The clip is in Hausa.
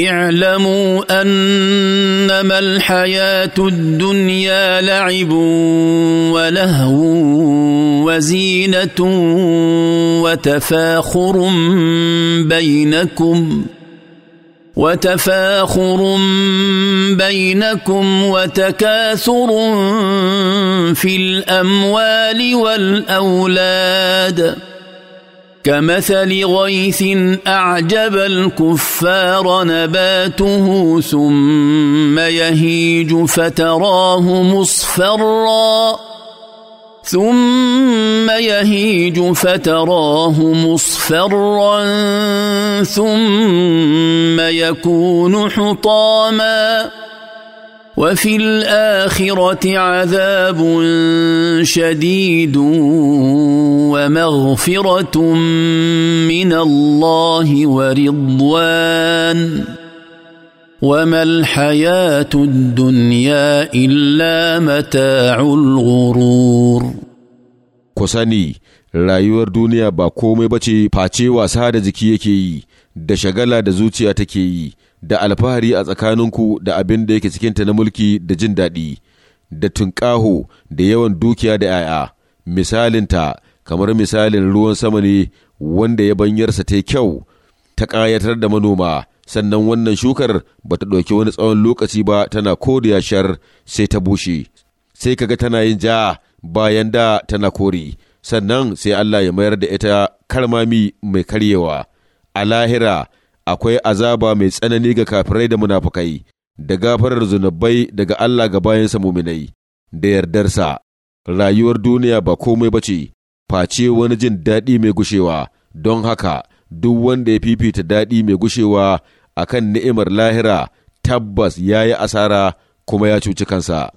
اعلموا انما الحياه الدنيا لعب ولهو وزينه وتفاخر بينكم وتفاخر بينكم وتكاثر في الاموال والاولاد كمثل غيث اعجب الكفار نباته ثم يهيج فتراه مصفرا ثم يهيج فتراه مصفرا ثم يكون حطاما وفي الاخره عذاب شديد ومغفره من الله ورضوان وما الحياه الدنيا الا متاع الغرور كساني لا duniya ba komai bace باتي wasa زكيكي دشغلا دزوتي yi da alfahari a tsakaninku da abin da yake cikinta na mulki da jin daɗi, da tunƙaho da yawan dukiya da ‘ya'ya, misalinta kamar misalin ruwan sama ne wanda ya banyarsa ta kyau ta ƙayatar da manoma, sannan wannan shukar ba ta ɗauki wani tsawon lokaci ba tana koriya shar sai ta bushe, sai kaga tana yin ja bayan da tana kori, sannan sai Allah ya mayar da ita karmami mai karyewa. A lahira akwai azaba mai tsanani ga kafirai da munafukai, da gafarar zunubai daga Allah ga bayansa muminai, da yardarsa, rayuwar duniya ba komai ba ce, face wani jin daɗi mai gushewa, don haka duk wanda ya fifita daɗi mai gushewa a kan ni'imar lahira tabbas ya yi asara kuma ya cuci kansa.